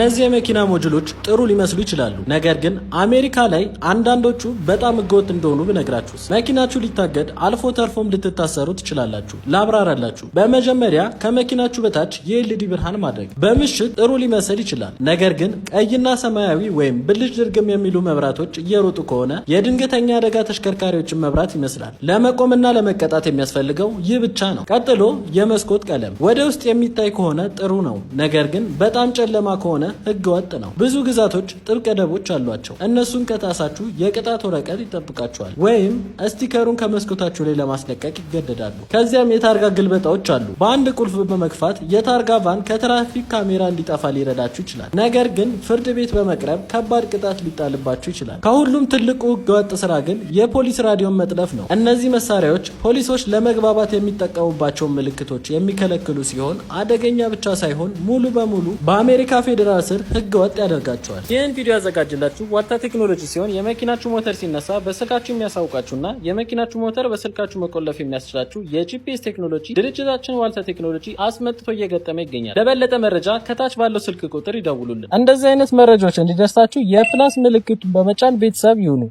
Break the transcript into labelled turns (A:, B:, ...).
A: እነዚህ የመኪና ሞጁሎች ጥሩ ሊመስሉ ይችላሉ፣ ነገር ግን አሜሪካ ላይ አንዳንዶቹ በጣም ህገወጥ እንደሆኑ ብነግራችሁስ? መኪናችሁ ሊታገድ አልፎ ተርፎም ልትታሰሩ ትችላላችሁ። ላብራራላችሁ። በመጀመሪያ ከመኪናችሁ በታች የኤልዲ ብርሃን ማድረግ በምሽት ጥሩ ሊመስል ይችላል፣ ነገር ግን ቀይና ሰማያዊ ወይም ብልጭ ድርግም የሚሉ መብራቶች እየሮጡ ከሆነ የድንገተኛ አደጋ ተሽከርካሪዎችን መብራት ይመስላል። ለመቆምና ለመቀጣት የሚያስፈልገው ይህ ብቻ ነው። ቀጥሎ የመስኮት ቀለም ወደ ውስጥ የሚታይ ከሆነ ጥሩ ነው፣ ነገር ግን በጣም ጨለማ ከሆነ ስለሆነ ህገ ወጥ ነው። ብዙ ግዛቶች ጥብቅ ቀደቦች አሏቸው። እነሱን ከጣሳችሁ የቅጣት ወረቀት ይጠብቃችኋል ወይም ስቲከሩን ከመስኮታችሁ ላይ ለማስለቀቅ ይገደዳሉ። ከዚያም የታርጋ ግልበጣዎች አሉ። በአንድ ቁልፍ በመግፋት የታርጋ ቫን ከትራፊክ ካሜራ እንዲጠፋ ሊረዳችሁ ይችላል። ነገር ግን ፍርድ ቤት በመቅረብ ከባድ ቅጣት ሊጣልባችሁ ይችላል። ከሁሉም ትልቁ ህገወጥ ስራ ግን የፖሊስ ራዲዮን መጥለፍ ነው። እነዚህ መሳሪያዎች ፖሊሶች ለመግባባት የሚጠቀሙባቸውን ምልክቶች የሚከለክሉ ሲሆን አደገኛ ብቻ ሳይሆን ሙሉ በሙሉ በአሜሪካ ፌዴራል ዳራ ስር ህገ ወጥ ያደርጋቸዋል። ይህን ቪዲዮ ያዘጋጀላችሁ ዋልታ ቴክኖሎጂ ሲሆን የመኪናችሁ ሞተር ሲነሳ በስልካችሁ የሚያሳውቃችሁና የመኪናችሁ ሞተር በስልካችሁ መቆለፍ የሚያስችላችሁ የጂፒኤስ ቴክኖሎጂ ድርጅታችን ዋልታ ቴክኖሎጂ አስመጥቶ እየገጠመ ይገኛል። ለበለጠ መረጃ ከታች ባለው ስልክ ቁጥር ይደውሉልን። እንደዚህ አይነት መረጃዎች እንዲደርሳችሁ የፕላስ ምልክቱን በመጫን ቤተሰብ ይሁኑ።